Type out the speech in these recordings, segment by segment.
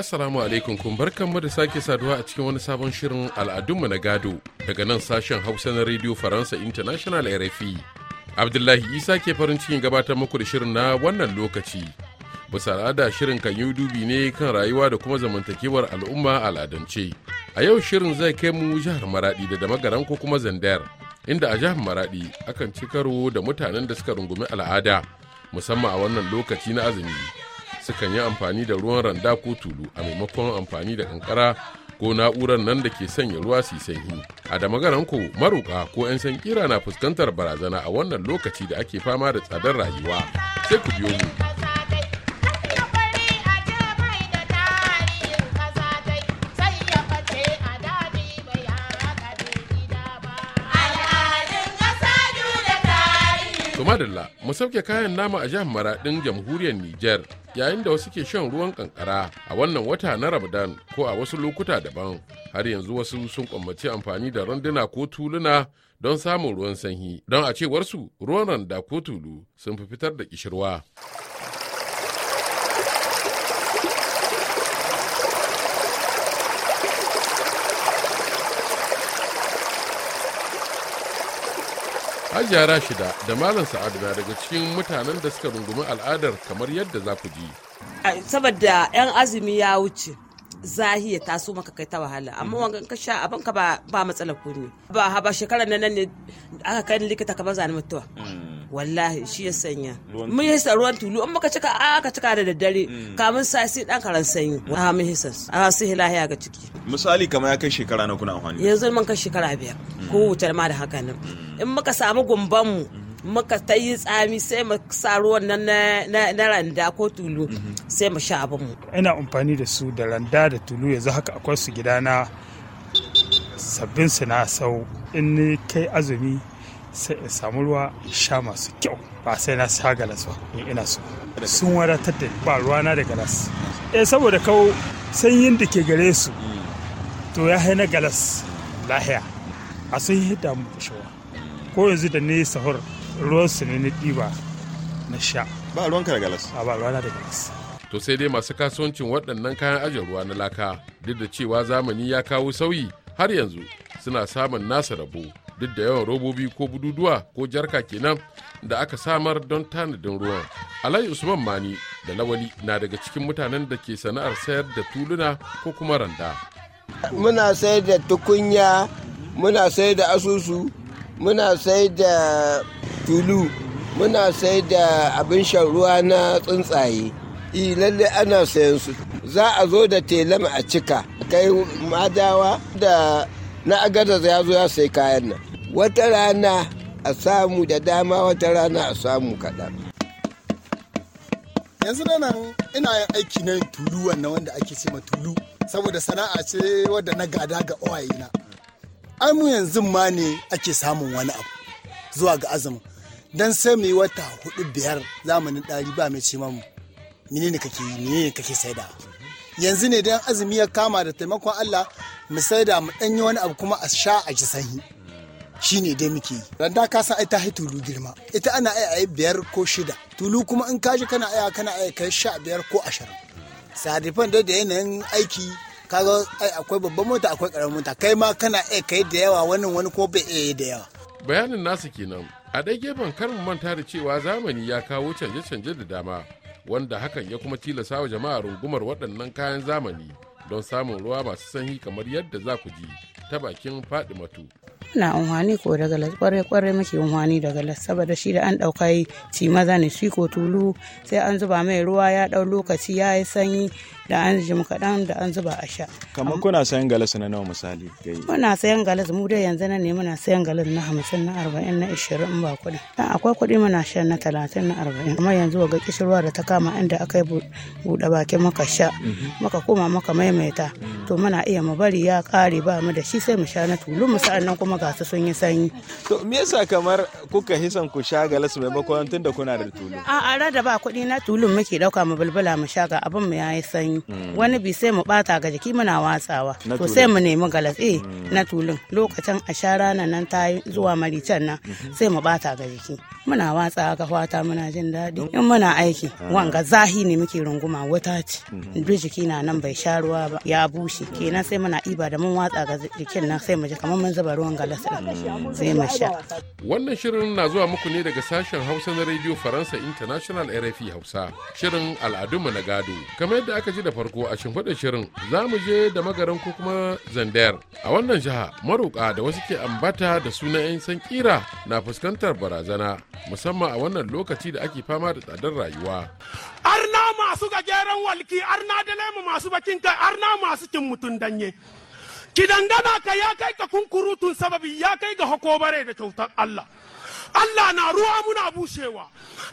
assalamu alaikum kun barkanmu da sake saduwa a cikin wani sabon shirin al'adunmu na gado daga nan sashen hausa na radio faransa international rfi abdullahi isa ke farin cikin gabatar muku da shirin na wannan lokaci bisa al'ada shirin kan yi dubi ne kan rayuwa da kuma zamantakewar al'umma al'adance a yau shirin zai kai mu jihar maradi da damagaran ko kuma zandar inda a jihar maradi akan ci karo da mutanen da suka rungumi al'ada musamman a wannan lokaci na azumi sukan yi amfani da ruwan randa ko tulu a maimakon amfani da kankara ko na'urar nan da ke sanya ruwa su sanyi a da magaranku maruka ko 'yan san kira na fuskantar barazana a wannan lokaci da ake fama da tsadar rayuwa sai ku biyo mu Tumadalla mu sauke kayan nama a jihar maradin jamhuriyar Nijar yayin da wasu ke shan ruwan kankara a wannan wata na Ramadan ko a wasu lokuta daban. Har yanzu wasu sun kwammaci amfani da randuna ko tuluna don samun ruwan sanyi. Don a cewarsu ruwan randa ko tulu sun fi fitar da kishirwa. hajiya rashida da malam sa'adu na daga cikin mutanen da suka rungumi al'adar kamar yadda za ku ji saboda yan azumi ya wuce zahiya ta so maka kai ta wahala amma mhm. wangan ka sha abin ka ba matsala ko ne ba ha ba shekarar nan ne aka kai likita ka ba zani mutuwa mm. wallahi shi ya sanya mun hisa ruwan tulu in muka cika a ka cika da daddare mm. kamun sa sai dan karan sanyi mm. a mun hisa a sai ya ga ciki misali kamar ya kai shekara na kuna amfani yanzu mun kai shekara biyar mm. ko wutar ma da haka nan in muka samu gumban mu muka ta yi tsami sai mu sa ruwan nan na randa ko tulu mm-hmm. sai mu sha abin mu ina amfani da su da randa da tulu yanzu haka akwai su gidana sabbin su na sau in kai azumi sai in samu ruwa in sha masu kyau ba sai na sa galas ba in ina so sun wadatar da ba ruwa na da galas eh saboda kawo sanyin da ke gare su to ya na galas lahiya a sun yi damu shawa ko yanzu da ne sahur ruwan su ne na ɗiba na sha ba ruwan ka da galas a ba na da galas to sai dai masu kasuwancin waɗannan kayan ajiyar ruwa na laka duk da cewa zamani ya kawo sauyi har yanzu suna samun nasa rabo duk da yawan robobi ko bududuwa ko jarka kenan da aka samar don tanadin ruwan alayi usman mani da lawali na daga cikin mutanen da ke sana'ar sayar da tuluna ko kuma randa muna sayar da tukunya muna sayar da asusu muna sayar da tulu muna sayar da abin shan ruwa na tsuntsaye i lalle ana sayan su za a zo da telama a cika kai madawa da na agada ya zo ya sai kayan nan wata rana a samu da dama wata rana a samu kaɗan. yanzu nan ina yin aiki na tulu wannan wanda ake ce ma tulu saboda sana'a ce wadda na gada ga na ai mu yanzu ma ne ake samun wani abu zuwa ga azumin dan sai mu yi wata hudu biyar zamanin ɗari ba mai ce ma mini menene kake yi menene kake saida yanzu ne dan azumi ya kama da taimakon Allah mu saida mu ɗanyi wani abu kuma a sha a ji sanyi shi ne dai muke yi randa ka san ai ta hai tulu girma ita ana aya ai biyar ko shida tulu kuma in kashi kana aya kana aya kai sha biyar ko ashirin sadifan dai da yanayin aiki kaga ai akwai babban mota akwai karamin mota kai ma kana iya kai da yawa wannan wani ko bai iya da yawa bayanin nasu kenan a ɗaya gefen karin manta da cewa zamani ya kawo canje-canje da dama wanda hakan ya kuma tilasa wa jama'a rungumar waɗannan kayan zamani don samun ruwa masu sanyi kamar yadda za ku ji ta bakin faɗi matu ina unhwani ko da galas kwarai kwarai muke unhwani da galas saboda shi da an dauka yi ci maza ne shi ko tulu sai an zuba mai ruwa ya dau lokaci ya yi sanyi da an jim kaɗan da an zuba a sha. Kamar kuna sayan galas na nawa misali? Muna sayan galas mu dai yanzu nan ne muna sayan galas na hamsin na arba'in na ishirin ba kuɗi. Dan akwai kuɗi muna shan na talatin na arba'in. Kamar yanzu ga kishirwa da ta kama inda aka yi buɗe baki muka sha mhm. muka koma muka maimaita mhm. to muna iya mu bari ya ƙare ba mu da shi sai mu sha na tulu mu sa'annan kuma ga su sun yi sanyi. To me yasa kamar kuka hisan ku sha galas maimakon da kuna da tulu? A'a da ba kuɗi na tulun muke ɗauka mu bulbula mu sha ga abin mu ya yi sanyi. hannu mm. wani bi sai mu bata ga jiki muna watsawa to sai mu nemi galas eh mm. na tulun lokacin a shara na nan ta zuwa maricen nan mm-hmm. sai mu bata ga jiki muna watsa ga fata muna jin daɗi mm. in muna aiki wanga zahi ne muke runguma wata ce mm-hmm. duk jiki na nan bai sha ba ya bushe kenan sai muna iba da mun watsa ga jikin nan sai mu ji kamar mun zuba ruwan galas din sai mu sha wannan shirin na zuwa muku ne daga sashen Hausa na Radio Faransa International RFI Hausa shirin al'adunmu na gado kamar yadda aka ji da da farko a shimfiɗa shirin za mu je da magaran ko kuma zandayar a wannan jiha maruka da wasu ke ambata da sunan 'yan san kira na fuskantar barazana musamman a wannan lokaci da ake fama da tsadar rayuwa arna masu gajeren walki arna da lemu masu bakin kai arna masu cin mutun danye ki dangana ka ya kai ka kunkurutun sababi ya kai ga hokobare da kyautar allah Allah na ruwa muna bushewa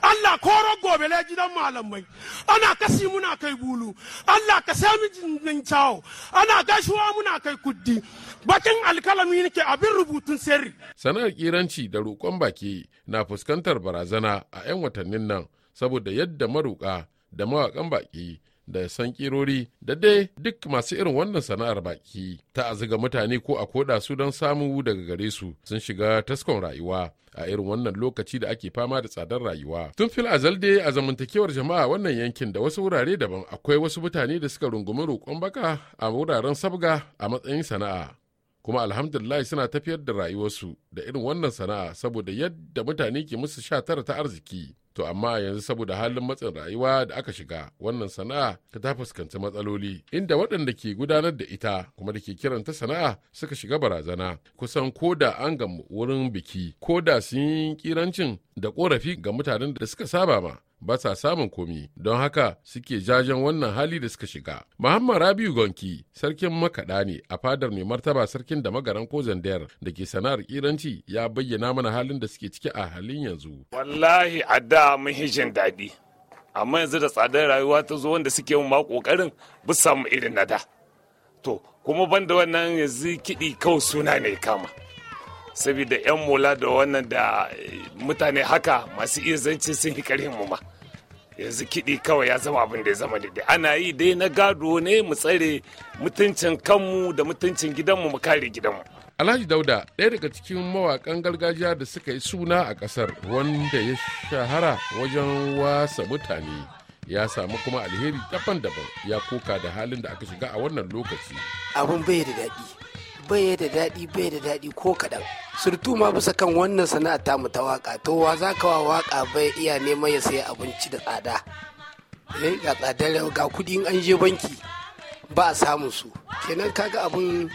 Allah koro gobele gidan malamai ana kasi muna kai bulu Allah ka sami jinin cawo ana gashuwa muna kai kuddi bakin alkalami nake abin rubutun sirri sana'ar kiranci da roƙon baki na fuskantar barazana a 'yan watannin nan saboda yadda maruƙa da mawaƙan baki da san kirori da dai duk masu irin wannan sana'ar baki ta azuga mutane ko a koda su don samu daga gare su sun shiga taskon rayuwa a irin wannan lokaci da ake fama da tsadar rayuwa tun fil azal dai a zamantakewar jama'a wannan yankin da wasu wurare daban akwai wasu mutane da suka rungumi roƙon baka a wuraren sabga a matsayin sana'a kuma alhamdulillah suna tafiyar da rayuwarsu da irin wannan sana'a saboda yadda mutane ke musu sha tara ta arziki To amma yanzu saboda halin matsin rayuwa da aka shiga wannan sana'a ta ta fuskanci matsaloli inda waɗanda ke gudanar da ita kuma da ke kiranta sana'a suka shiga barazana kusan ko da an gamu wurin biki ko da sun yi kirancin da korafi ga mutanen da suka saba ma ba sa samun komi don haka suke jajen wannan hali da suka shiga. Muhammad Rabiu Gonki sarkin makaɗa ne a fadar mai martaba sarkin da magaran ko zandayar da ke sana'ar kiranci ya bayyana mana halin da suke ciki a halin yanzu. Wallahi a da mun hijin daɗi amma yanzu da tsadar rayuwa ta zo wanda suke yin ma ƙoƙarin bu irin na da. To kuma banda wannan yanzu kiɗi kawai suna ne kama. saboda yan mola da wannan da eh, mutane haka masu iya zance sun yi karhin mu ma yanzu kiɗi kawai ya zama abin da ya zama daidai ana yi dai na gado ne mu tsare mutuncin kanmu da mutuncin gidanmu mu kare gidanmu alhaji dauda ɗaya daga cikin mawakan gargajiya da suka yi suna a ƙasar wanda ya shahara wajen wasa mutane ya samu kuma alheri daban-daban ya koka da halin da aka shiga a wannan lokaci abun bai da daɗi bai da daɗi bai da daɗi ko kaɗan surtu ma bisa kan wannan sana'a ta mu ta waka to wa za ka wa waka bai iya neman ya sayi abinci da tsada ne eh, ga tsadar ga kuɗi in an je banki ba a samun su kenan kaga abin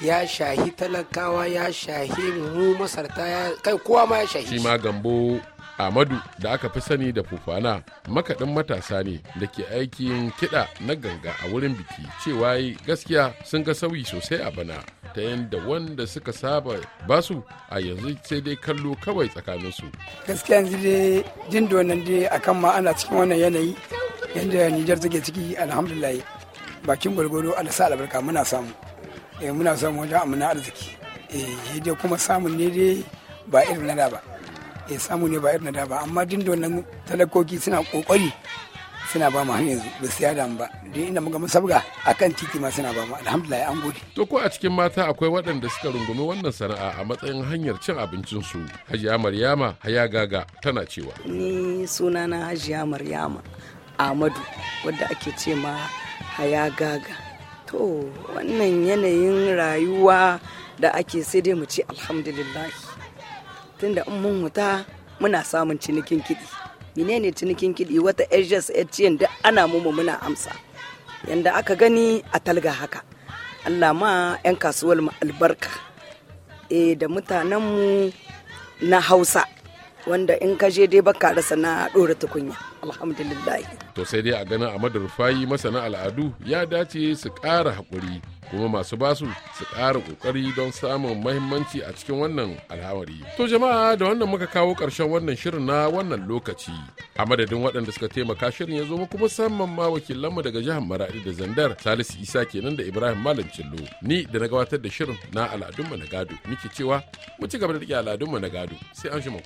ya shahi talakawa ya shahi mu masarta ya kai kowa ma ya shahi shi ma gambo Amadu da aka fi sani da Fufana makaɗin matasa ne da ke aikin kiɗa na ganga a wurin biki cewa gaskiya sun ga sauyi sosai a bana. ta yadda wanda suka saba basu a yanzu sai dai kallo kawai tsakanin su. gaskiya yanzu dai jin da wannan dai akan ma ana cikin wannan yanayi yadda nijar take ciki alhamdulillah bakin gwalgwado sa albarka muna samu eh muna samu wajen amina arziki eh dai kuma samun ne dai ba irin na da ba eh samu ne ba irin na da ba amma jin da talakoki suna kokari suna ba mu har yanzu ba su yada ba duk inda muka buga a kan titi ma suna ba mu alhamdulillah an gode. to ko a cikin mata akwai waɗanda suka rungumi wannan sana'a a matsayin hanyar cin abincin su hajiya maryama haya gaga tana cewa. ni suna na hajiya maryama amadu wadda ake ce ma haya gaga to wannan yanayin rayuwa da ake sai dai mu ce alhamdulillah tunda in mun wuta muna samun cinikin kiɗi menene cinikin kiɗi wata ages etiyan duk ana mu muna amsa yanda aka gani a talga haka allah ma 'yan kasuwar mu albarka e da mutanenmu na hausa wanda in ka je dai baka rasa na ɗora tukunya alhamdulillah to sai dai a ganin amadu rufayi masana al'adu ya dace su kara haƙuri kuma masu basu su ƙara ƙoƙari don samun mahimmanci a cikin wannan alhawari. to jama'a da wannan muka kawo ƙarshen wannan shirin na wannan lokaci a madadin waɗanda suka taimaka shirin ya zo muku musamman ma wakilanmu daga jihar maradi da zandar salisu isa kenan da ibrahim malam cillo ni da na gabatar da shirin na al'adunmu na gado muke cewa mu ci gaba da riƙe al'adunmu na gado sai an shi mu.